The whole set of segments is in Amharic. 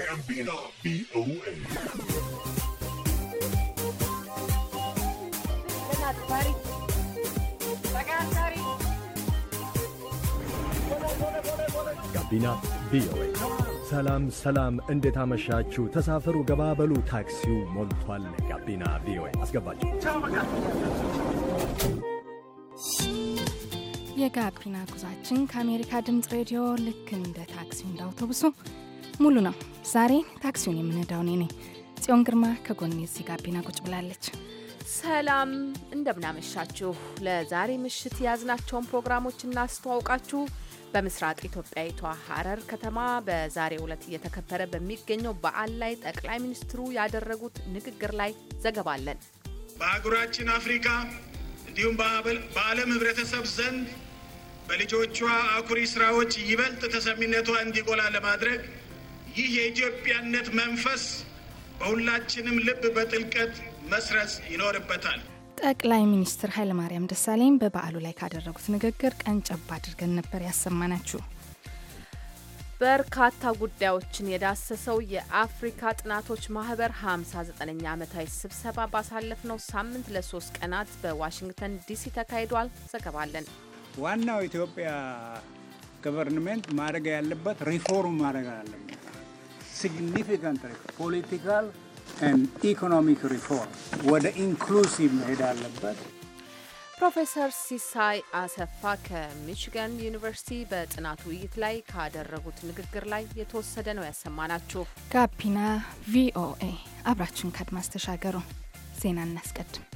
ጋቢና ቪኦኤ ጋቢና ቪኦኤ። ሰላም ሰላም፣ እንዴት አመሻችሁ? ተሳፈሩ፣ ገባበሉ፣ ታክሲው ሞልቷል። ጋቢና ቪኦኤ አስገባችሁ። የጋቢና ጉዟችን ከአሜሪካ ድምፅ ሬዲዮ ልክ እንደ ታክሲው እንደ አውቶቡሱ ሙሉ ነው። ዛሬ ታክሲውን የምነዳው እኔ ነኝ። ጽዮን ግርማ ከጎን የዚህ ጋቢና ቁጭ ብላለች። ሰላም እንደምናመሻችሁ። ለዛሬ ምሽት የያዝናቸውን ፕሮግራሞች እናስተዋውቃችሁ። በምስራቅ ኢትዮጵያዊቷ ሀረር ከተማ በዛሬው ዕለት እየተከበረ በሚገኘው በዓል ላይ ጠቅላይ ሚኒስትሩ ያደረጉት ንግግር ላይ ዘገባ አለን። በአህጉራችን አፍሪካ እንዲሁም በዓለም ህብረተሰብ ዘንድ በልጆቿ አኩሪ ስራዎች ይበልጥ ተሰሚነቷ እንዲጎላ ለማድረግ ይህ የኢትዮጵያነት መንፈስ በሁላችንም ልብ በጥልቀት መስረጽ ይኖርበታል። ጠቅላይ ሚኒስትር ኃይለማርያም ደሳለኝ በበዓሉ ላይ ካደረጉት ንግግር ቀንጨብ አድርገን ነበር ያሰማናችሁ። በርካታ ጉዳዮችን የዳሰሰው የአፍሪካ ጥናቶች ማህበር 59ኛ ዓመታዊ ስብሰባ ባሳለፍነው ሳምንት ለሶስት ቀናት በዋሽንግተን ዲሲ ተካሂዷል። ዘገባለን። ዋናው ኢትዮጵያ ገቨርንመንት ማድረግ ያለበት ሪፎርም ማድረግ አለበት ሲግኒፊካንት ፖለቲካል ኢኮኖሚክ ሪፎርም ወደ ኢንክሉሲቭ መሄድ አለበት። ፕሮፌሰር ሲሳይ አሰፋ ከሚችጋን ዩኒቨርሲቲ በጥናት ውይይት ላይ ካደረጉት ንግግር ላይ የተወሰደ ነው ያሰማናችሁ። ጋቢና ቪኦኤ አብራችን ከአድማስ ተሻገሩ። ዜና እናስቀድም።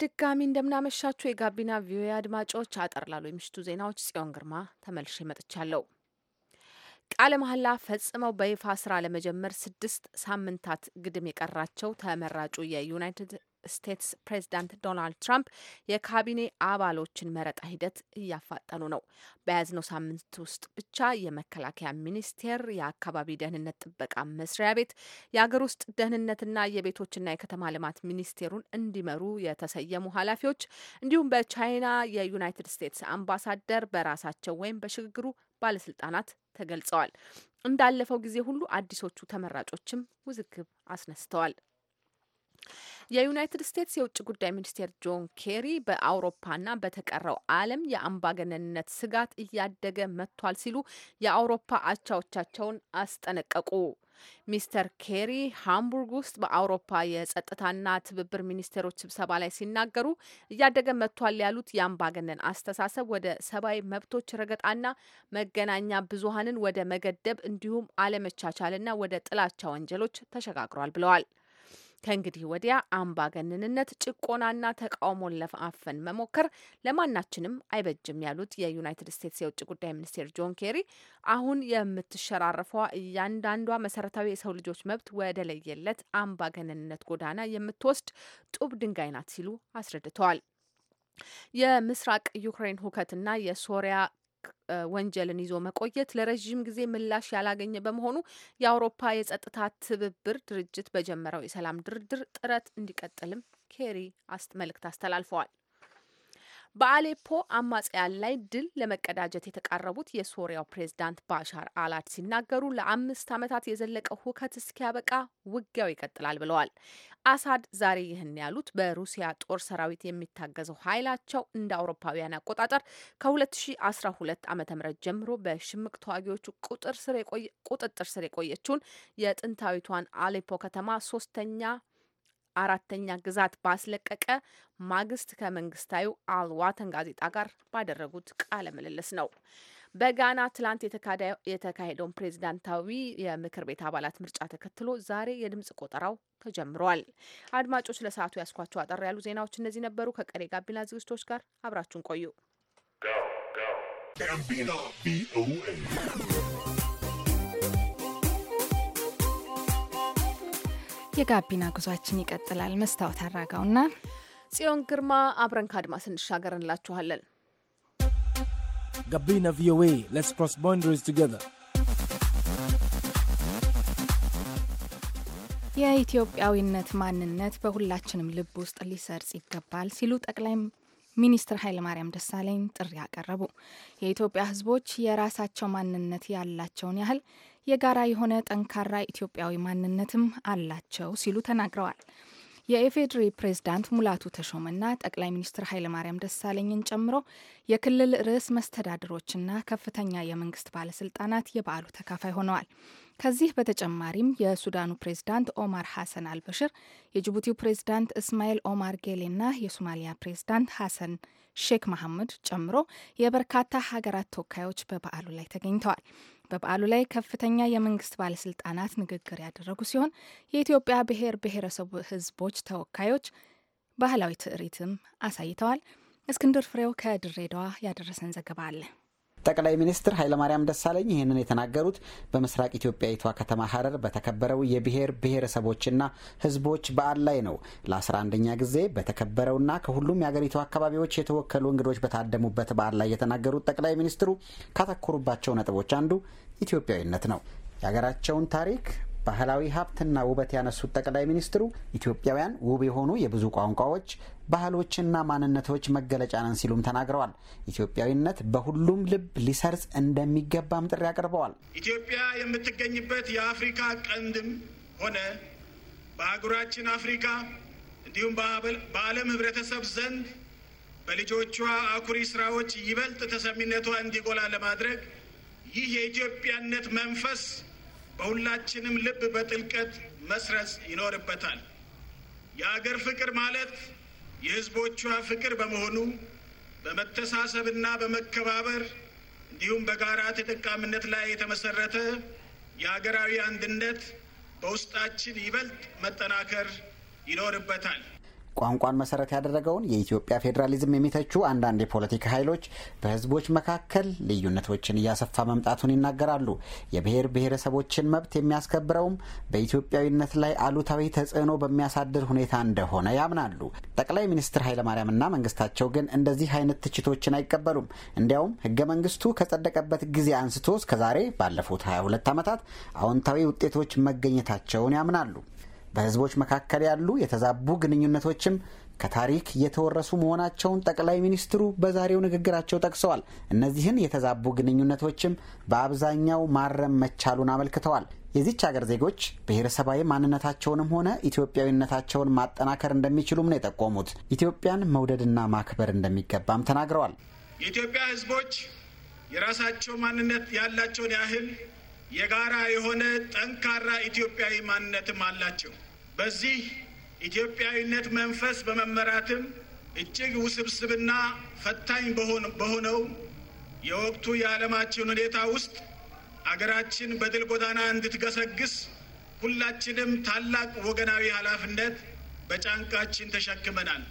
በድጋሚ እንደምናመሻችሁ የጋቢና ቪኦኤ አድማጮች፣ አጠር ላሉ የምሽቱ ዜናዎች ጽዮን ግርማ ተመልሼ መጥቻለሁ። ቃለ መሐላ ፈጽመው በይፋ ስራ ለመጀመር ስድስት ሳምንታት ግድም የቀራቸው ተመራጩ የዩናይትድ ስቴትስ ፕሬዚዳንት ዶናልድ ትራምፕ የካቢኔ አባሎችን መረጣ ሂደት እያፋጠኑ ነው። በያዝነው ሳምንት ውስጥ ብቻ የመከላከያ ሚኒስቴር፣ የአካባቢ ደህንነት ጥበቃ መስሪያ ቤት፣ የሀገር ውስጥ ደህንነትና የቤቶችና የከተማ ልማት ሚኒስቴሩን እንዲመሩ የተሰየሙ ኃላፊዎች እንዲሁም በቻይና የዩናይትድ ስቴትስ አምባሳደር በራሳቸው ወይም በሽግግሩ ባለስልጣናት ተገልጸዋል። እንዳለፈው ጊዜ ሁሉ አዲሶቹ ተመራጮችም ውዝግብ አስነስተዋል። የዩናይትድ ስቴትስ የውጭ ጉዳይ ሚኒስቴር ጆን ኬሪ በአውሮፓና በተቀረው ዓለም የአምባገነንነት ስጋት እያደገ መጥቷል ሲሉ የአውሮፓ አቻዎቻቸውን አስጠነቀቁ። ሚስተር ኬሪ ሃምቡርግ ውስጥ በአውሮፓ የጸጥታና ትብብር ሚኒስቴሮች ስብሰባ ላይ ሲናገሩ እያደገ መጥቷል ያሉት የአምባገነን አስተሳሰብ ወደ ሰብአዊ መብቶች ረገጣና መገናኛ ብዙሀንን ወደ መገደብ እንዲሁም አለመቻቻልና ወደ ጥላቻ ወንጀሎች ተሸጋግሯል ብለዋል። ከእንግዲህ ወዲያ አምባገነንነት፣ ጭቆናና ተቃውሞን ለማፈን መሞከር ለማናችንም አይበጅም ያሉት የዩናይትድ ስቴትስ የውጭ ጉዳይ ሚኒስቴር ጆን ኬሪ አሁን የምትሸራረፏ እያንዳንዷ መሰረታዊ የሰው ልጆች መብት ወደ ለየለት አምባገነንነት ጎዳና የምትወስድ ጡብ ድንጋይ ናት ሲሉ አስረድተዋል። የምስራቅ ዩክሬን ሁከትና የሶሪያ ወንጀልን ይዞ መቆየት ለረዥም ጊዜ ምላሽ ያላገኘ በመሆኑ የአውሮፓ የጸጥታ ትብብር ድርጅት በጀመረው የሰላም ድርድር ጥረት እንዲቀጥልም ኬሪ መልእክት አስተላልፈዋል። በአሌፖ አማጽያን ላይ ድል ለመቀዳጀት የተቃረቡት የሶሪያው ፕሬዝዳንት ባሻር አላድ ሲናገሩ ለአምስት ዓመታት የዘለቀ ሁከት እስኪያበቃ ውጊያው ይቀጥላል ብለዋል። አሳድ ዛሬ ይህን ያሉት በሩሲያ ጦር ሰራዊት የሚታገዘው ኃይላቸው እንደ አውሮፓውያን አቆጣጠር ከ2012 ዓ ም ጀምሮ በሽምቅ ተዋጊዎቹ ቁጥጥር ስር የቆየችውን የጥንታዊቷን አሌፖ ከተማ ሶስተኛ አራተኛ ግዛት ባስለቀቀ ማግስት ከመንግስታዊ አልዋተን ጋዜጣ ጋር ባደረጉት ቃለ ምልልስ ነው። በጋና ትላንት የተካሄደውን ፕሬዚዳንታዊ የምክር ቤት አባላት ምርጫ ተከትሎ ዛሬ የድምጽ ቆጠራው ተጀምሯል። አድማጮች ለሰዓቱ ያስኳቸው አጠር ያሉ ዜናዎች እነዚህ ነበሩ። ከቀሬ ጋቢና ዝግጅቶች ጋር አብራችሁን ቆዩ። የጋቢና ጉዟችን ይቀጥላል። መስታወት አራጋውና ጽዮን ግርማ አብረን ከአድማስ እንሻገር እንላችኋለን። ጋቢና ቪኦኤ ሌትስ ክሮስ ቦንደሪስ ቱጌዘር የኢትዮጵያዊነት ማንነት በሁላችንም ልብ ውስጥ ሊሰርጽ ይገባል ሲሉ ጠቅላይ ሚኒስትር ኃይለማርያም ደሳለኝ ጥሪ አቀረቡ። የኢትዮጵያ ሕዝቦች የራሳቸው ማንነት ያላቸውን ያህል የጋራ የሆነ ጠንካራ ኢትዮጵያዊ ማንነትም አላቸው ሲሉ ተናግረዋል። የኢፌዴሪ ፕሬዝዳንት ሙላቱ ተሾመና ጠቅላይ ሚኒስትር ኃይለማርያም ደሳለኝን ጨምሮ የክልል ርዕስ መስተዳድሮችና ከፍተኛ የመንግስት ባለስልጣናት የበዓሉ ተካፋይ ሆነዋል። ከዚህ በተጨማሪም የሱዳኑ ፕሬዝዳንት ኦማር ሐሰን አልበሽር፣ የጅቡቲው ፕሬዝዳንት እስማኤል ኦማር ጌሌና የሶማሊያ ፕሬዝዳንት ሐሰን ሼክ መሐመድ ጨምሮ የበርካታ ሀገራት ተወካዮች በበዓሉ ላይ ተገኝተዋል። በበዓሉ ላይ ከፍተኛ የመንግስት ባለስልጣናት ንግግር ያደረጉ ሲሆን የኢትዮጵያ ብሔር ብሔረሰቡ ህዝቦች ተወካዮች ባህላዊ ትርኢትም አሳይተዋል። እስክንድር ፍሬው ከድሬዳዋ ያደረሰን ዘገባ አለ። ጠቅላይ ሚኒስትር ኃይለማርያም ደሳለኝ ይህንን የተናገሩት በምስራቅ ኢትዮጵያዊቷ ከተማ ሀረር በተከበረው የብሔር ብሔረሰቦችና ሕዝቦች በዓል ላይ ነው። ለ11ኛ ጊዜ በተከበረውና ከሁሉም የአገሪቱ አካባቢዎች የተወከሉ እንግዶች በታደሙበት በዓል ላይ የተናገሩት ጠቅላይ ሚኒስትሩ ካተኮሩባቸው ነጥቦች አንዱ ኢትዮጵያዊነት ነው። የሀገራቸውን ታሪክ ባህላዊ ሀብትና ውበት ያነሱት ጠቅላይ ሚኒስትሩ ኢትዮጵያውያን ውብ የሆኑ የብዙ ቋንቋዎች ባህሎችና ማንነቶች መገለጫ ነን ሲሉም ተናግረዋል። ኢትዮጵያዊነት በሁሉም ልብ ሊሰርጽ እንደሚገባም ጥሪ አቅርበዋል። ኢትዮጵያ የምትገኝበት የአፍሪካ ቀንድም ሆነ በአህጉራችን አፍሪካ እንዲሁም በዓለም ህብረተሰብ ዘንድ በልጆቿ አኩሪ ስራዎች ይበልጥ ተሰሚነቷ እንዲጎላ ለማድረግ ይህ የኢትዮጵያነት መንፈስ በሁላችንም ልብ በጥልቀት መስረጽ ይኖርበታል። የአገር ፍቅር ማለት የህዝቦቿ ፍቅር በመሆኑ በመተሳሰብና በመከባበር እንዲሁም በጋራ ተጠቃሚነት ላይ የተመሰረተ የሀገራዊ አንድነት በውስጣችን ይበልጥ መጠናከር ይኖርበታል። ቋንቋን መሰረት ያደረገውን የኢትዮጵያ ፌዴራሊዝም የሚተቹ አንዳንድ የፖለቲካ ኃይሎች በህዝቦች መካከል ልዩነቶችን እያሰፋ መምጣቱን ይናገራሉ። የብሔር ብሔረሰቦችን መብት የሚያስከብረውም በኢትዮጵያዊነት ላይ አሉታዊ ተጽዕኖ በሚያሳድር ሁኔታ እንደሆነ ያምናሉ። ጠቅላይ ሚኒስትር ኃይለማርያምና መንግስታቸው ግን እንደዚህ አይነት ትችቶችን አይቀበሉም። እንዲያውም ህገ መንግስቱ ከጸደቀበት ጊዜ አንስቶ እስከዛሬ ባለፉት 22 ዓመታት አዎንታዊ ውጤቶች መገኘታቸውን ያምናሉ። በህዝቦች መካከል ያሉ የተዛቡ ግንኙነቶችም ከታሪክ የተወረሱ መሆናቸውን ጠቅላይ ሚኒስትሩ በዛሬው ንግግራቸው ጠቅሰዋል። እነዚህን የተዛቡ ግንኙነቶችም በአብዛኛው ማረም መቻሉን አመልክተዋል። የዚች ሀገር ዜጎች ብሔረሰባዊ ማንነታቸውንም ሆነ ኢትዮጵያዊነታቸውን ማጠናከር እንደሚችሉም ነው የጠቆሙት። ኢትዮጵያን መውደድና ማክበር እንደሚገባም ተናግረዋል። የኢትዮጵያ ህዝቦች የራሳቸው ማንነት ያላቸውን ያህል የጋራ የሆነ ጠንካራ ኢትዮጵያዊ ማንነትም አላቸው። በዚህ ኢትዮጵያዊነት መንፈስ በመመራትም እጅግ ውስብስብና ፈታኝ በሆነው የወቅቱ የዓለማችን ሁኔታ ውስጥ አገራችን በድል ጎዳና እንድትገሰግስ ሁላችንም ታላቅ ወገናዊ ኃላፊነት በጫንቃችን ተሸክመናል።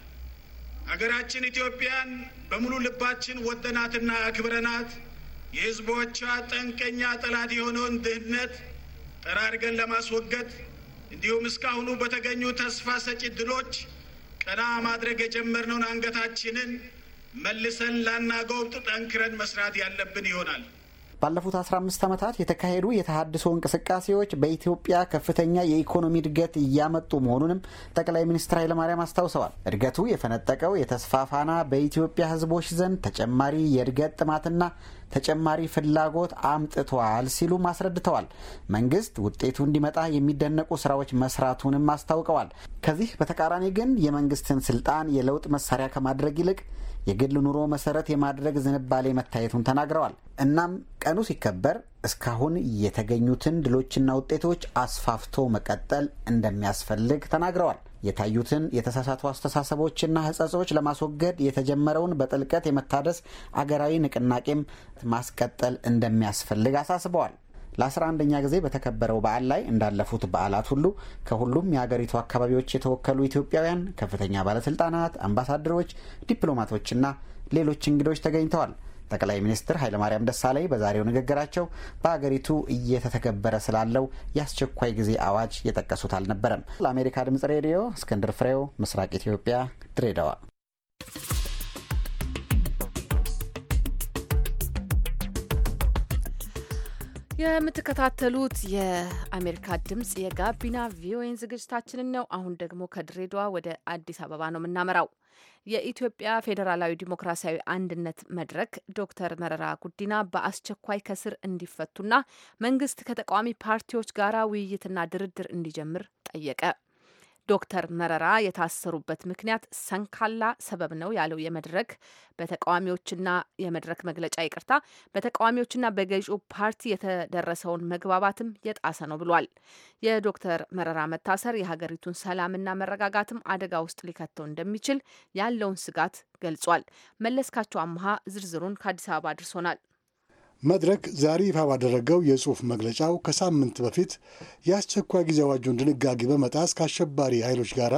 አገራችን ኢትዮጵያን በሙሉ ልባችን ወደናትና አክብረናት የሕዝቦቿ ጠንቀኛ ጠላት የሆነውን ድህነት ጠራርገን ለማስወገድ እንዲሁም እስካሁኑ በተገኙ ተስፋ ሰጪ ድሎች ቀና ማድረግ የጀመርነውን አንገታችንን መልሰን ላናጎብጥ ጠንክረን መስራት ያለብን ይሆናል። ባለፉት 15 ዓመታት የተካሄዱ የተሃድሶ እንቅስቃሴዎች በኢትዮጵያ ከፍተኛ የኢኮኖሚ እድገት እያመጡ መሆኑንም ጠቅላይ ሚኒስትር ኃይለማርያም አስታውሰዋል። እድገቱ የፈነጠቀው የተስፋፋና በኢትዮጵያ ሕዝቦች ዘንድ ተጨማሪ የእድገት ጥማትና ተጨማሪ ፍላጎት አምጥቷል ሲሉም አስረድተዋል። መንግስት ውጤቱ እንዲመጣ የሚደነቁ ስራዎች መስራቱንም አስታውቀዋል። ከዚህ በተቃራኒ ግን የመንግስትን ስልጣን የለውጥ መሳሪያ ከማድረግ ይልቅ የግል ኑሮ መሰረት የማድረግ ዝንባሌ መታየቱን ተናግረዋል። እናም ቀኑ ሲከበር እስካሁን የተገኙትን ድሎችና ውጤቶች አስፋፍቶ መቀጠል እንደሚያስፈልግ ተናግረዋል። የታዩትን የተሳሳቱ አስተሳሰቦችና ሕጸጾች ለማስወገድ የተጀመረውን በጥልቀት የመታደስ አገራዊ ንቅናቄም ማስቀጠል እንደሚያስፈልግ አሳስበዋል። ለ11ኛ ጊዜ በተከበረው በዓል ላይ እንዳለፉት በዓላት ሁሉ ከሁሉም የሀገሪቱ አካባቢዎች የተወከሉ ኢትዮጵያውያን ከፍተኛ ባለስልጣናት፣ አምባሳደሮች፣ ዲፕሎማቶችና ሌሎች እንግዶች ተገኝተዋል። ጠቅላይ ሚኒስትር ኃይለማርያም ደሳለኝ በዛሬው ንግግራቸው በአገሪቱ እየተተገበረ ስላለው የአስቸኳይ ጊዜ አዋጅ የጠቀሱት አልነበረም። ለአሜሪካ ድምጽ ሬዲዮ እስክንድር ፍሬው፣ ምስራቅ ኢትዮጵያ፣ ድሬዳዋ የምትከታተሉት የአሜሪካ ድምፅ የጋቢና ቪኦኤን ዝግጅታችንን ነው። አሁን ደግሞ ከድሬዳዋ ወደ አዲስ አበባ ነው የምናመራው። የኢትዮጵያ ፌዴራላዊ ዲሞክራሲያዊ አንድነት መድረክ ዶክተር መረራ ጉዲና በአስቸኳይ ከስር እንዲፈቱና መንግስት ከተቃዋሚ ፓርቲዎች ጋራ ውይይትና ድርድር እንዲጀምር ጠየቀ። ዶክተር መረራ የታሰሩበት ምክንያት ሰንካላ ሰበብ ነው ያለው የመድረክ በተቃዋሚዎችና የመድረክ መግለጫ ይቅርታ፣ በተቃዋሚዎችና በገዢው ፓርቲ የተደረሰውን መግባባትም የጣሰ ነው ብሏል። የዶክተር መረራ መታሰር የሀገሪቱን ሰላምና መረጋጋትም አደጋ ውስጥ ሊከተው እንደሚችል ያለውን ስጋት ገልጿል። መለስካቸው አምሃ ዝርዝሩን ከአዲስ አበባ አድርሶናል። መድረክ ዛሬ ይፋ ባደረገው የጽሑፍ መግለጫው ከሳምንት በፊት የአስቸኳይ ጊዜ አዋጁን ድንጋጌ በመጣስ ከአሸባሪ ኃይሎች ጋር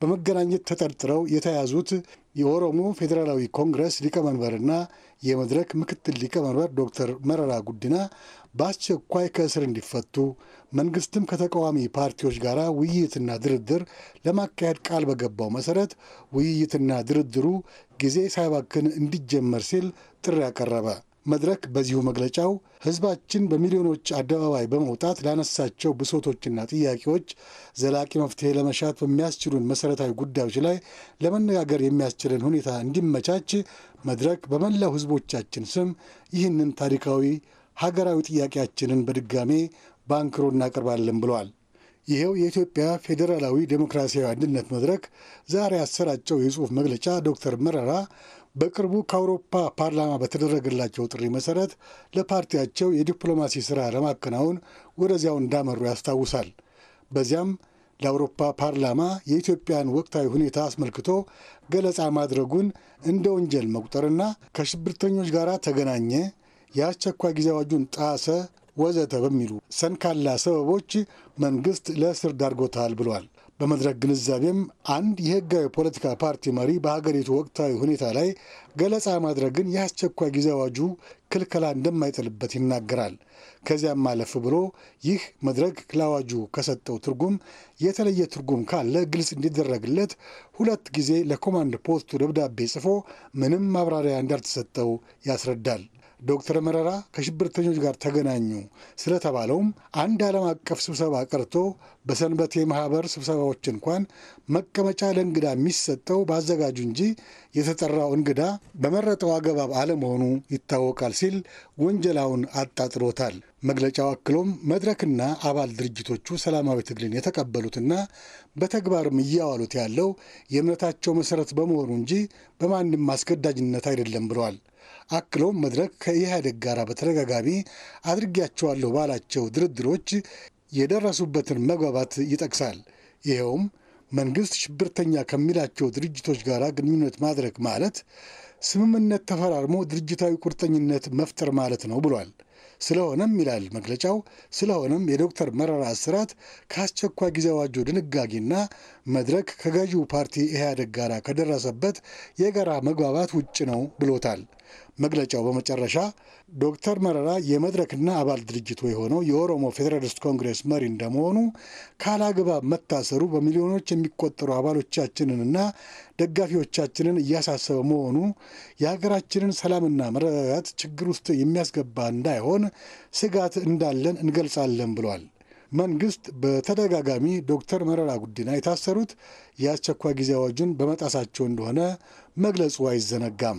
በመገናኘት ተጠርጥረው የተያዙት የኦሮሞ ፌዴራላዊ ኮንግረስ ሊቀመንበርና የመድረክ ምክትል ሊቀመንበር ዶክተር መረራ ጉዲና በአስቸኳይ ከእስር እንዲፈቱ መንግስትም ከተቃዋሚ ፓርቲዎች ጋር ውይይትና ድርድር ለማካሄድ ቃል በገባው መሰረት ውይይትና ድርድሩ ጊዜ ሳይባክን እንዲጀመር ሲል ጥሪ አቀረበ። መድረክ በዚሁ መግለጫው ህዝባችን በሚሊዮኖች አደባባይ በመውጣት ላነሳቸው ብሶቶችና ጥያቄዎች ዘላቂ መፍትሄ ለመሻት በሚያስችሉን መሠረታዊ ጉዳዮች ላይ ለመነጋገር የሚያስችልን ሁኔታ እንዲመቻች መድረክ በመላው ህዝቦቻችን ስም ይህንን ታሪካዊ ሀገራዊ ጥያቄያችንን በድጋሜ በአንክሮ እናቀርባለን ብለዋል። ይኸው የኢትዮጵያ ፌዴራላዊ ዴሞክራሲያዊ አንድነት መድረክ ዛሬ ያሰራጨው የጽሑፍ መግለጫ ዶክተር መረራ በቅርቡ ከአውሮፓ ፓርላማ በተደረገላቸው ጥሪ መሰረት ለፓርቲያቸው የዲፕሎማሲ ስራ ለማከናወን ወደዚያው እንዳመሩ ያስታውሳል። በዚያም ለአውሮፓ ፓርላማ የኢትዮጵያን ወቅታዊ ሁኔታ አስመልክቶ ገለጻ ማድረጉን እንደ ወንጀል መቁጠርና ከሽብርተኞች ጋር ተገናኘ፣ የአስቸኳይ ጊዜ አዋጁን ጣሰ፣ ወዘተ በሚሉ ሰንካላ ሰበቦች መንግስት ለእስር ዳርጎታል ብሏል። በመድረክ ግንዛቤም አንድ የህጋዊ ፖለቲካ ፓርቲ መሪ በሀገሪቱ ወቅታዊ ሁኔታ ላይ ገለጻ ማድረግን የአስቸኳይ ጊዜ አዋጁ ክልከላ እንደማይጥልበት ይናገራል። ከዚያም አለፍ ብሎ ይህ መድረክ ለአዋጁ ከሰጠው ትርጉም የተለየ ትርጉም ካለ ግልጽ እንዲደረግለት ሁለት ጊዜ ለኮማንድ ፖስቱ ደብዳቤ ጽፎ ምንም ማብራሪያ እንዳልተሰጠው ያስረዳል። ዶክተር መረራ ከሽብርተኞች ጋር ተገናኙ ስለተባለውም አንድ ዓለም አቀፍ ስብሰባ ቀርቶ በሰንበት ማህበር ስብሰባዎች እንኳን መቀመጫ ለእንግዳ የሚሰጠው በአዘጋጁ እንጂ የተጠራው እንግዳ በመረጠው አገባብ አለመሆኑ ይታወቃል ሲል ወንጀላውን አጣጥሮታል። መግለጫው አክሎም መድረክና አባል ድርጅቶቹ ሰላማዊ ትግልን የተቀበሉትና በተግባርም እያዋሉት ያለው የእምነታቸው መሰረት በመሆኑ እንጂ በማንም አስገዳጅነት አይደለም ብለዋል። አክለውም መድረክ ከኢህአዴግ ጋር በተደጋጋሚ አድርጌያቸዋለሁ ባላቸው ድርድሮች የደረሱበትን መግባባት ይጠቅሳል። ይኸውም መንግስት ሽብርተኛ ከሚላቸው ድርጅቶች ጋር ግንኙነት ማድረግ ማለት ስምምነት ተፈራርሞ ድርጅታዊ ቁርጠኝነት መፍጠር ማለት ነው ብሏል። ስለሆነም ይላል መግለጫው፣ ስለሆነም የዶክተር መረራ እስራት ከአስቸኳይ ጊዜ አዋጁ ድንጋጌና መድረክ ከገዢው ፓርቲ ኢህአደግ ጋር ከደረሰበት የጋራ መግባባት ውጭ ነው ብሎታል። መግለጫው በመጨረሻ ዶክተር መረራ የመድረክና አባል ድርጅቱ የሆነው የኦሮሞ ፌዴራሊስት ኮንግሬስ መሪ እንደመሆኑ ካላግባብ መታሰሩ በሚሊዮኖች የሚቆጠሩ አባሎቻችንንና ደጋፊዎቻችንን እያሳሰበ መሆኑ የሀገራችንን ሰላምና መረጋጋት ችግር ውስጥ የሚያስገባ እንዳይሆን ስጋት እንዳለን እንገልጻለን ብሏል። መንግስት በተደጋጋሚ ዶክተር መረራ ጉዲና የታሰሩት የአስቸኳይ ጊዜ አዋጁን በመጣሳቸው እንደሆነ መግለጹ አይዘነጋም።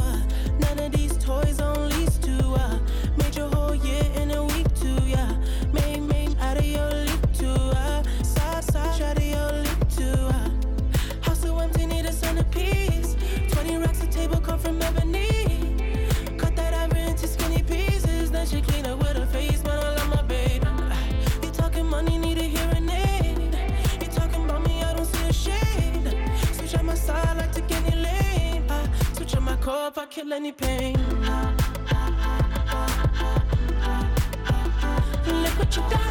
toys on lease to I uh, made your whole year in a week too. Yeah, made made out of your lip to I uh, side side out of your lip to I uh. house so empty, need a centerpiece. Twenty racks a table come from ebony. Cut that ivory into skinny pieces, then she clean up with her face. Man, I love my baby. You talking money, need a hearing aid. You talking about me, I don't see a shade. Switch on my side, like to get in lane. I switch on my core if I kill any pain. you down.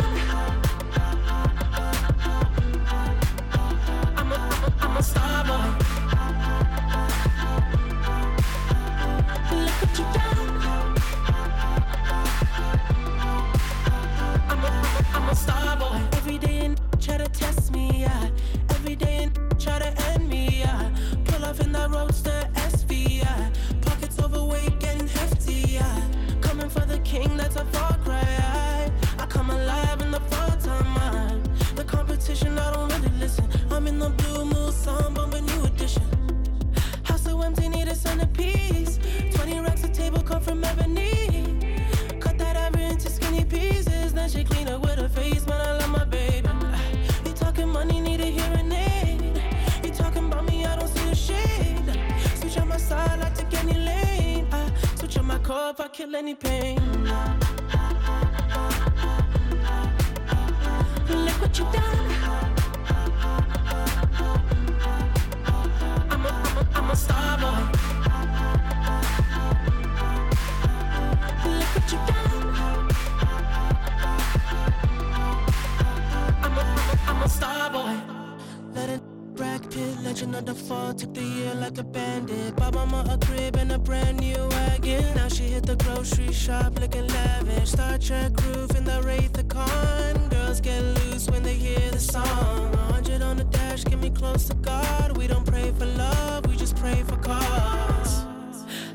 shop looking lavish. Star Trek roof in the Wraith the Con. Girls get loose when they hear the song. 100 on the dash, get me close to God. We don't pray for love, we just pray for cause.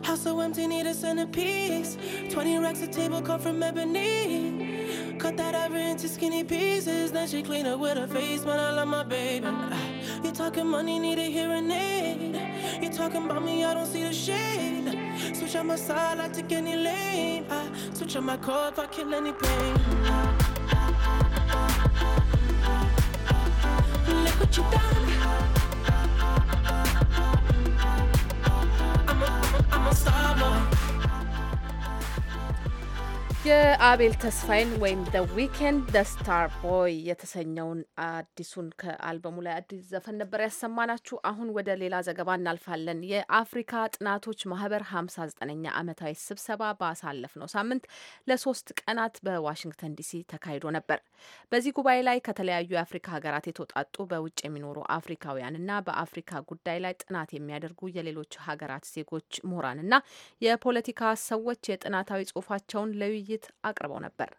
House so empty, need a centerpiece. 20 racks of table cut from ebony. Cut that ever into skinny pieces. Then she clean up with her face, but I love my baby. Ah, you talking money, need a hearing aid. You talking about me, I don't see the shade. Switch out my side, I take any lane. I ah, switch out my core if I kill any pain. I ah. አቤል ተስፋይን ወይም ደ ዊኬንድ ደ ስታር ቦይ የተሰኘውን አዲሱን ከአልበሙ ላይ አዲስ ዘፈን ነበር ያሰማናችሁ። አሁን ወደ ሌላ ዘገባ እናልፋለን። የአፍሪካ ጥናቶች ማህበር 59ኛ ዓመታዊ ስብሰባ ነው ሳምንት ለሶስት ቀናት በዋሽንግተን ዲሲ ተካሂዶ ነበር። በዚህ ጉባኤ ላይ ከተለያዩ የአፍሪካ ሀገራት የተውጣጡ በውጭ የሚኖሩ አፍሪካውያንና በአፍሪካ ጉዳይ ላይ ጥናት የሚያደርጉ የሌሎች ሀገራት ዜጎች፣ ምሁራንና የፖለቲካ ሰዎች የጥናታዊ ጽሁፋቸውን ለውይይት አቅርበው ነበር።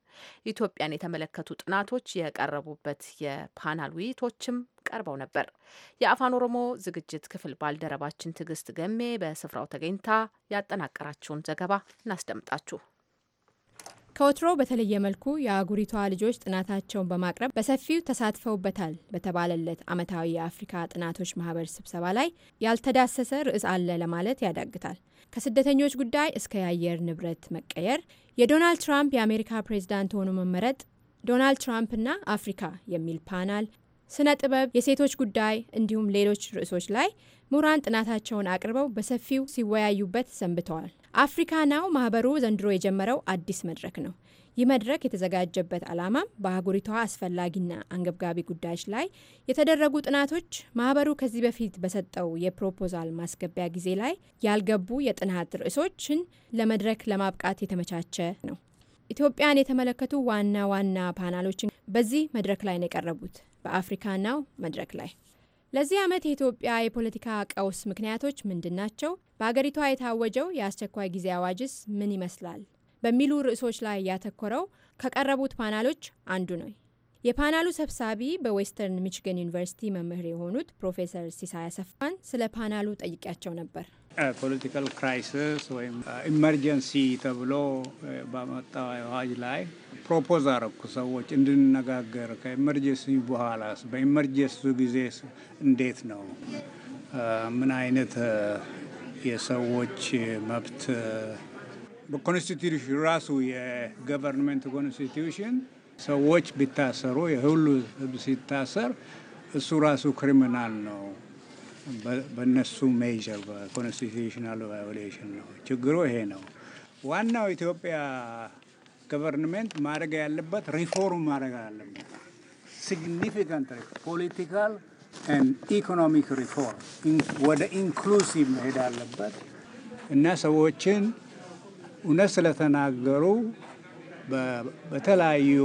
ኢትዮጵያን የተመለከቱ ጥናቶች የቀረቡበት የፓናል ውይይቶችም ቀርበው ነበር። የአፋን ኦሮሞ ዝግጅት ክፍል ባልደረባችን ትዕግስት ገሜ በስፍራው ተገኝታ ያጠናቀራችውን ዘገባ እናስደምጣችሁ። ከወትሮ በተለየ መልኩ የአህጉሪቷ ልጆች ጥናታቸውን በማቅረብ በሰፊው ተሳትፈውበታል በተባለለት ዓመታዊ የአፍሪካ ጥናቶች ማህበር ስብሰባ ላይ ያልተዳሰሰ ርዕስ አለ ለማለት ያዳግታል። ከስደተኞች ጉዳይ እስከ የአየር ንብረት መቀየር፣ የዶናልድ ትራምፕ የአሜሪካ ፕሬዝዳንት ሆኖ መመረጥ፣ ዶናልድ ትራምፕና አፍሪካ የሚል ፓናል፣ ስነ ጥበብ፣ የሴቶች ጉዳይ እንዲሁም ሌሎች ርዕሶች ላይ ምሁራን ጥናታቸውን አቅርበው በሰፊው ሲወያዩበት ሰንብተዋል። አፍሪካ ናው ማህበሩ ዘንድሮ የጀመረው አዲስ መድረክ ነው። ይህ መድረክ የተዘጋጀበት ዓላማም በአህጉሪቷ አስፈላጊና አንገብጋቢ ጉዳዮች ላይ የተደረጉ ጥናቶች ማህበሩ ከዚህ በፊት በሰጠው የፕሮፖዛል ማስገቢያ ጊዜ ላይ ያልገቡ የጥናት ርዕሶችን ለመድረክ ለማብቃት የተመቻቸ ነው። ኢትዮጵያን የተመለከቱ ዋና ዋና ፓናሎችን በዚህ መድረክ ላይ ነው የቀረቡት። በአፍሪካ ናው መድረክ ላይ ለዚህ ዓመት የኢትዮጵያ የፖለቲካ ቀውስ ምክንያቶች ምንድን ናቸው? በሀገሪቷ የታወጀው የአስቸኳይ ጊዜ አዋጅስ ምን ይመስላል? በሚሉ ርዕሶች ላይ ያተኮረው ከቀረቡት ፓናሎች አንዱ ነው። የፓናሉ ሰብሳቢ በዌስተርን ሚችገን ዩኒቨርሲቲ መምህር የሆኑት ፕሮፌሰር ሲሳይ አሰፋን ስለ ፓናሉ ጠይቂያቸው ነበር። ፖለቲካል ክራይሲስ ወይም ኢመርጀንሲ ተብሎ በመጣው አዋጅ ላይ ፕሮፖዝ አረኩ ሰዎች እንድንነጋገር ከኢመርጀንሲ በኋላ በኢመርጀንሲ ጊዜ እንዴት ነው ምን አይነት የሰዎች መብት በኮንስቲቱሽን ራሱ የገቨርንመንት ኮንስቲቱሽን ሰዎች ቢታሰሩ የሁሉ ሲታሰር እሱ ራሱ ክሪሚናል ነው በእነሱ ሜጀር በኮንስቲቱሽናል ቫዮሌሽን ነው። ችግሩ ይሄ ነው። ዋናው ኢትዮጵያ ገቨርንሜንት ማድረግ ያለበት ሪፎርም ማድረግ አለበት። ሲግኒፊካንት ፖለቲካል ኢኮኖሚክ ሪፎርም ወደ ኢንክሉሲቭ መሄድ አለበት እና ሰዎችን እውነት ስለተናገሩ በተለያዩ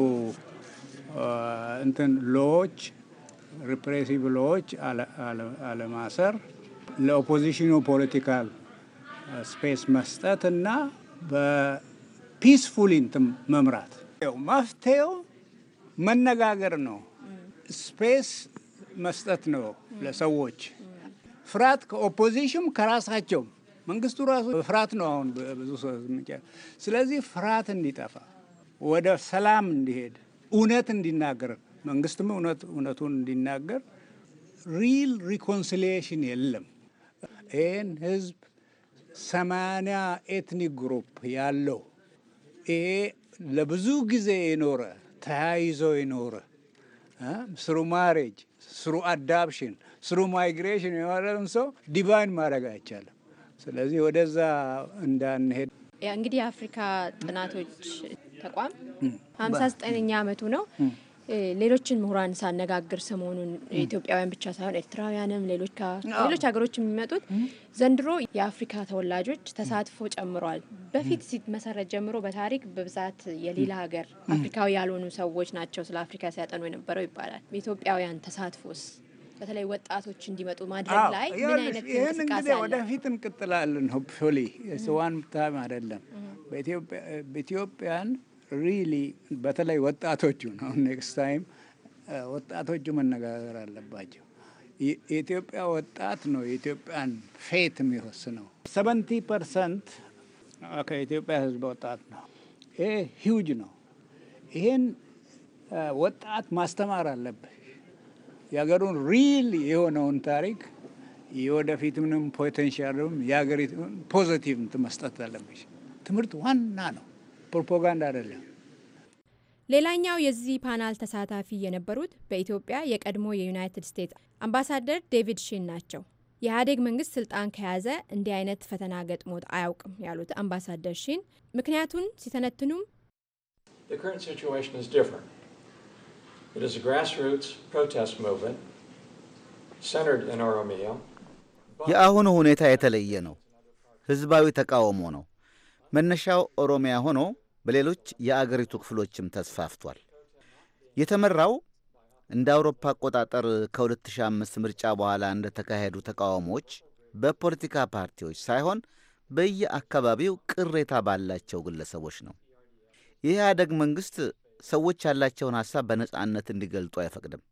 እንትን ሎዎች ሪፕሬሲቭ ሎዎች አለማሰር፣ ለኦፖዚሽኑ ፖለቲካል ስፔስ መስጠት እና በፒስፉል እንትን መምራት መፍትሄው መነጋገር ነው። ስፔስ መስጠት ነው ለሰዎች። ፍርሃት ከኦፖዚሽን ከራሳቸው መንግስቱ ራሱ ፍርሃት ነው አሁን ብዙ ሰው። ስለዚህ ፍርሃት እንዲጠፋ ወደ ሰላም እንዲሄድ እውነት እንዲናገር መንግስትም እውነት እውነቱን እንዲናገር ሪል ሪኮንሲሊዬሽን የለም። ይህን ህዝብ ሰማንያ ኤትኒክ ግሩፕ ያለው ይሄ ለብዙ ጊዜ የኖረ ተያይዞ የኖረ ስሩ ማሬጅ፣ ስሩ አዳፕሽን፣ ስሩ ማይግሬሽን የኖረን ሰው ዲቫይን ማድረግ አይቻልም። ስለዚህ ወደዛ እንዳንሄድ እንግዲህ የአፍሪካ ጥናቶች ተቋም ሀምሳ ዘጠነኛ አመቱ ነው። ሌሎችን ምሁራን ሳነጋግር ሰሞኑን ኢትዮጵያውያን ብቻ ሳይሆን ኤርትራውያንም ሌሎች ሀገሮች የሚመጡት ዘንድሮ የአፍሪካ ተወላጆች ተሳትፎ ጨምሯል። በፊት ሲመሰረት ጀምሮ በታሪክ በብዛት የሌላ ሀገር አፍሪካዊ ያልሆኑ ሰዎች ናቸው ስለ አፍሪካ ሲያጠኑ የነበረው ይባላል። ኢትዮጵያውያን ተሳትፎስ በተለይ ወጣቶች እንዲመጡ ማድረግ ላይ ምን አይነት ይህን እንግዲህ ወደፊት እንቅጥላለን። ሆፕ ስዋን ታይም አይደለም በኢትዮጵያን ሪሊ በተለይ ወጣቶቹ ነው። ኔክስት ታይም ወጣቶቹ መነጋገር አለባቸው። የኢትዮጵያ ወጣት ነው የኢትዮጵያን ፌት የሚወስነው። ሰቨንቲ ፐርሰንት ከኢትዮጵያ ሕዝብ ወጣት ነው። ይሄ ሂውጅ ነው። ይሄን ወጣት ማስተማር አለብህ። የሀገሩን ሪል የሆነውን ታሪክ የወደፊት ምንም ፖቴንሻልም የሀገሪቱን ፖዘቲቭ መስጠት አለብሽ። ትምህርት ዋና ነው። ፕሮፓጋንዳ አይደለም። ሌላኛው የዚህ ፓናል ተሳታፊ የነበሩት በኢትዮጵያ የቀድሞ የዩናይትድ ስቴትስ አምባሳደር ዴቪድ ሺን ናቸው። የኢህአዴግ መንግስት ስልጣን ከያዘ እንዲህ አይነት ፈተና ገጥሞት አያውቅም ያሉት አምባሳደር ሺን ምክንያቱን ሲተነትኑም የአሁኑ ሁኔታ የተለየ ነው። ህዝባዊ ተቃውሞ ነው። መነሻው ኦሮሚያ ሆኖ በሌሎች የአገሪቱ ክፍሎችም ተስፋፍቷል። የተመራው እንደ አውሮፓ አቆጣጠር ከ2005 ምርጫ በኋላ እንደተካሄዱ ተቃውሞዎች በፖለቲካ ፓርቲዎች ሳይሆን በየአካባቢው ቅሬታ ባላቸው ግለሰቦች ነው። የኢህአደግ መንግሥት ሰዎች ያላቸውን ሐሳብ በነጻነት እንዲገልጡ አይፈቅድም።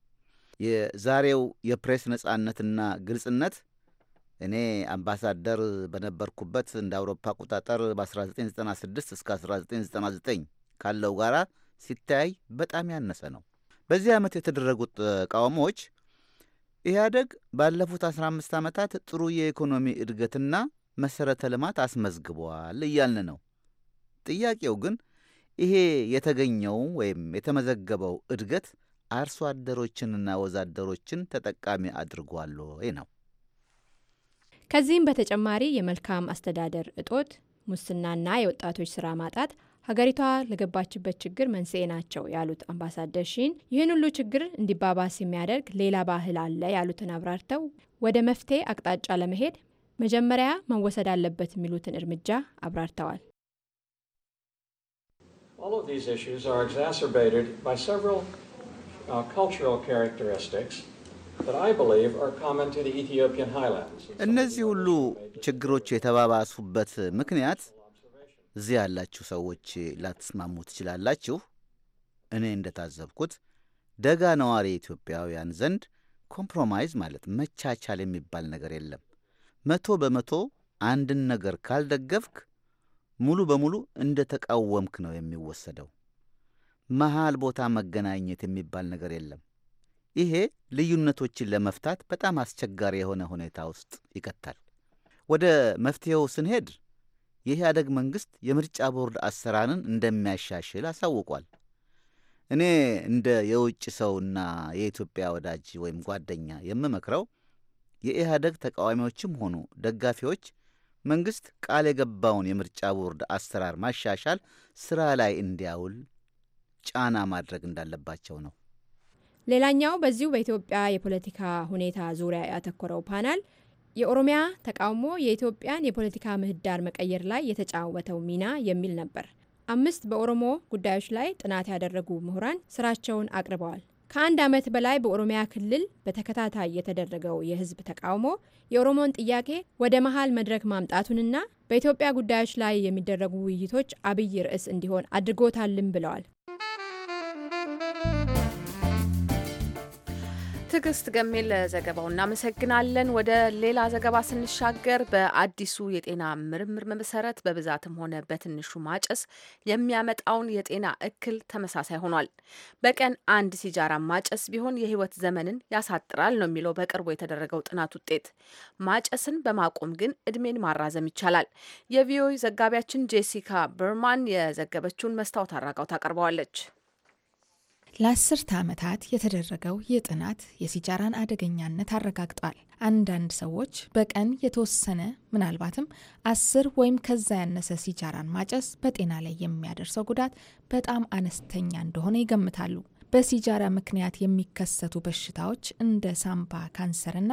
የዛሬው የፕሬስ ነጻነትና ግልጽነት እኔ አምባሳደር በነበርኩበት እንደ አውሮፓ አቆጣጠር በ1996 እስከ 1999 ካለው ጋራ ሲታይ በጣም ያነሰ ነው። በዚህ ዓመት የተደረጉት ተቃውሞዎች ኢህአደግ ባለፉት 15 ዓመታት ጥሩ የኢኮኖሚ እድገትና መሠረተ ልማት አስመዝግቧል እያልን ነው። ጥያቄው ግን ይሄ የተገኘው ወይም የተመዘገበው እድገት አርሶ አደሮችንና ወዛደሮችን ተጠቃሚ አድርጓል ወይ ነው። ከዚህም በተጨማሪ የመልካም አስተዳደር እጦት፣ ሙስናና የወጣቶች ስራ ማጣት ሀገሪቷ ለገባችበት ችግር መንስኤ ናቸው ያሉት አምባሳደር ሺን ይህን ሁሉ ችግር እንዲባባስ የሚያደርግ ሌላ ባህል አለ ያሉትን አብራርተው ወደ መፍትሄ አቅጣጫ ለመሄድ መጀመሪያ መወሰድ አለበት የሚሉትን እርምጃ አብራርተዋል። All እነዚህ ሁሉ ችግሮች የተባባሱበት ምክንያት እዚህ ያላችሁ ሰዎች ላትስማሙ ትችላላችሁ። እኔ እንደታዘብኩት ደጋ ነዋሪ ኢትዮጵያውያን ዘንድ ኮምፕሮማይዝ ማለት መቻቻል የሚባል ነገር የለም። መቶ በመቶ አንድን ነገር ካልደገፍክ ሙሉ በሙሉ እንደ ተቃወምክ ነው የሚወሰደው። መሃል ቦታ መገናኘት የሚባል ነገር የለም። ይሄ ልዩነቶችን ለመፍታት በጣም አስቸጋሪ የሆነ ሁኔታ ውስጥ ይከታል። ወደ መፍትሄው ስንሄድ የኢህአደግ መንግሥት የምርጫ ቦርድ አሰራርን እንደሚያሻሽል አሳውቋል። እኔ እንደ የውጭ ሰውና የኢትዮጵያ ወዳጅ ወይም ጓደኛ የምመክረው የኢህአደግ ተቃዋሚዎችም ሆኑ ደጋፊዎች መንግሥት ቃል የገባውን የምርጫ ቦርድ አሰራር ማሻሻል ሥራ ላይ እንዲያውል ጫና ማድረግ እንዳለባቸው ነው። ሌላኛው በዚሁ በኢትዮጵያ የፖለቲካ ሁኔታ ዙሪያ ያተኮረው ፓናል የኦሮሚያ ተቃውሞ የኢትዮጵያን የፖለቲካ ምህዳር መቀየር ላይ የተጫወተው ሚና የሚል ነበር። አምስት በኦሮሞ ጉዳዮች ላይ ጥናት ያደረጉ ምሁራን ስራቸውን አቅርበዋል። ከአንድ ዓመት በላይ በኦሮሚያ ክልል በተከታታይ የተደረገው የህዝብ ተቃውሞ የኦሮሞን ጥያቄ ወደ መሀል መድረክ ማምጣቱንና በኢትዮጵያ ጉዳዮች ላይ የሚደረጉ ውይይቶች አብይ ርዕስ እንዲሆን አድርጎታልም ብለዋል። ትዕግስት ገሜ ለዘገባው እናመሰግናለን። ወደ ሌላ ዘገባ ስንሻገር በአዲሱ የጤና ምርምር መሰረት በብዛትም ሆነ በትንሹ ማጨስ የሚያመጣውን የጤና እክል ተመሳሳይ ሆኗል። በቀን አንድ ሲጃራ ማጨስ ቢሆን የህይወት ዘመንን ያሳጥራል ነው የሚለው በቅርቡ የተደረገው ጥናት ውጤት። ማጨስን በማቆም ግን እድሜን ማራዘም ይቻላል። የቪኦኤ ዘጋቢያችን ጄሲካ በርማን የዘገበችውን መስታወት አራጋው ታቀርበዋለች። ለአስርተ ዓመታት የተደረገው ይህ ጥናት የሲጃራን አደገኛነት አረጋግጧል። አንዳንድ ሰዎች በቀን የተወሰነ ምናልባትም አስር ወይም ከዛ ያነሰ ሲጃራን ማጨስ በጤና ላይ የሚያደርሰው ጉዳት በጣም አነስተኛ እንደሆነ ይገምታሉ። በሲጃራ ምክንያት የሚከሰቱ በሽታዎች እንደ ሳምባ ካንሰርና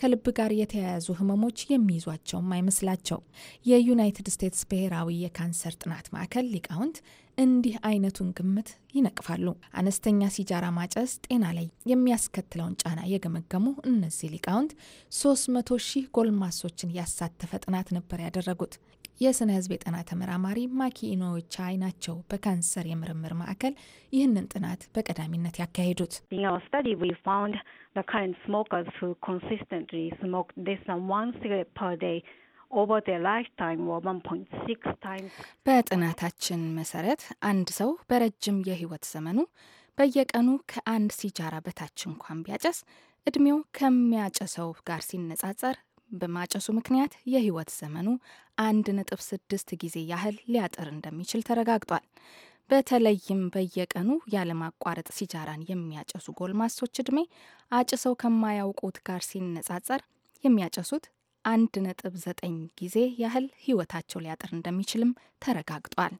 ከልብ ጋር የተያያዙ ህመሞች የሚይዟቸውም አይመስላቸው። የዩናይትድ ስቴትስ ብሔራዊ የካንሰር ጥናት ማዕከል ሊቃውንት እንዲህ አይነቱን ግምት ይነቅፋሉ። አነስተኛ ሲጃራ ማጨስ ጤና ላይ የሚያስከትለውን ጫና የገመገሙ እነዚህ ሊቃውንት 300 ሺህ ጎልማሶችን ያሳተፈ ጥናት ነበር ያደረጉት። የስነ ህዝብ የጤና ተመራማሪ ማኪ ኢኖቻይ ናቸው በካንሰር የምርምር ማዕከል ይህንን ጥናት በቀዳሚነት ያካሄዱት። በጥናታችን መሰረት አንድ ሰው በረጅም የህይወት ዘመኑ በየቀኑ ከአንድ ሲጃራ በታች እንኳን ቢያጨስ እድሜው ከሚያጨሰው ጋር ሲነጻጸር በማጨሱ ምክንያት የህይወት ዘመኑ አንድ ነጥብ ስድስት ጊዜ ያህል ሊያጥር እንደሚችል ተረጋግጧል። በተለይም በየቀኑ ያለማቋረጥ ሲጃራን የሚያጨሱ ጎልማሶች እድሜ አጭሰው ከማያውቁት ጋር ሲነጻጸር የሚያጨሱት አንድ ነጥብ ዘጠኝ ጊዜ ያህል ህይወታቸው ሊያጥር እንደሚችልም ተረጋግጧል።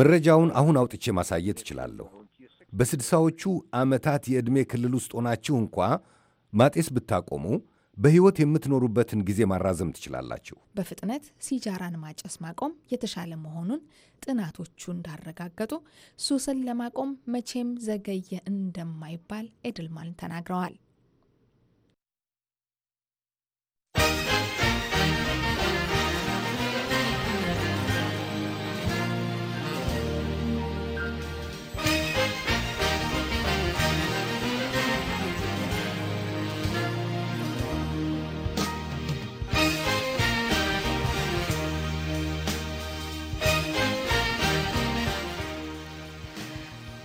መረጃውን አሁን አውጥቼ ማሳየት እችላለሁ። በስድሳዎቹ ዓመታት የዕድሜ ክልል ውስጥ ሆናችሁ እንኳ ማጤስ ብታቆሙ በሕይወት የምትኖሩበትን ጊዜ ማራዘም ትችላላችሁ። በፍጥነት ሲጃራን ማጨስ ማቆም የተሻለ መሆኑን ጥናቶቹ እንዳረጋገጡ ሱስን ለማቆም መቼም ዘገየ እንደማይባል ኤድልማን ተናግረዋል።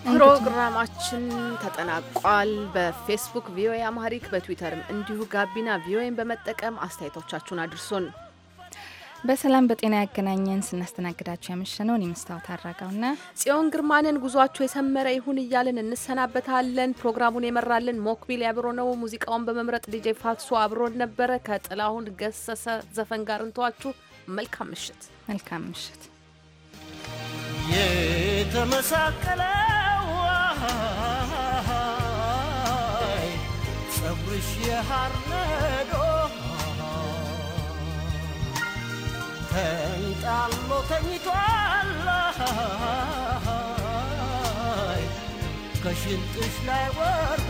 ፕሮግራማችን ተጠናቋል። በፌስቡክ ቪኦኤ አማሪክ፣ በትዊተርም እንዲሁ ጋቢና ቪኦኤን በመጠቀም አስተያየቶቻችሁን አድርሱን። በሰላም በጤና ያገናኘን። ስናስተናግዳቸው ያመሸነውን የመስታወት አድራጋውና ጽዮን ግርማንን ጉዟችሁ የሰመረ ይሁን እያልን እንሰናበታለን። ፕሮግራሙን የመራልን ሞክቢል ያብሮ ነው። ሙዚቃውን በመምረጥ ዲጄ ፋትሶ አብሮን ነበረ። ከጥላሁን ገሰሰ ዘፈን ጋር እንተዋችሁ። መልካም ምሽት፣ መልካም ምሽት። የተመሳቀለ ፀሐይ ፀጉርሽ የሐር ነዶ ተንጣሎ ተኝቷል ከሽንጥሽ ላይ ወርዶ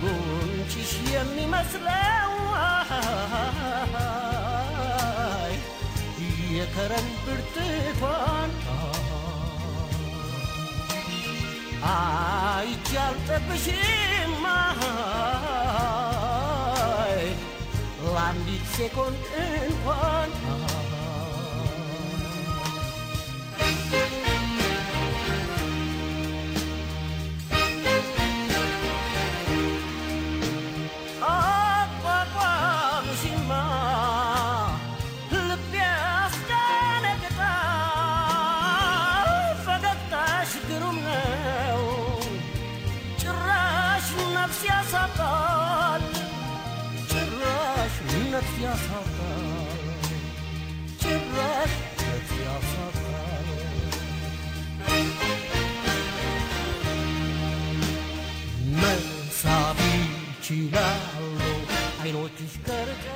ጉንጭሽ የሚመስለው የከረን ብርቱካን አይቻልጠብሽማ ለአንዲት ሴኮንድ እንኳን 命惹かれちゃう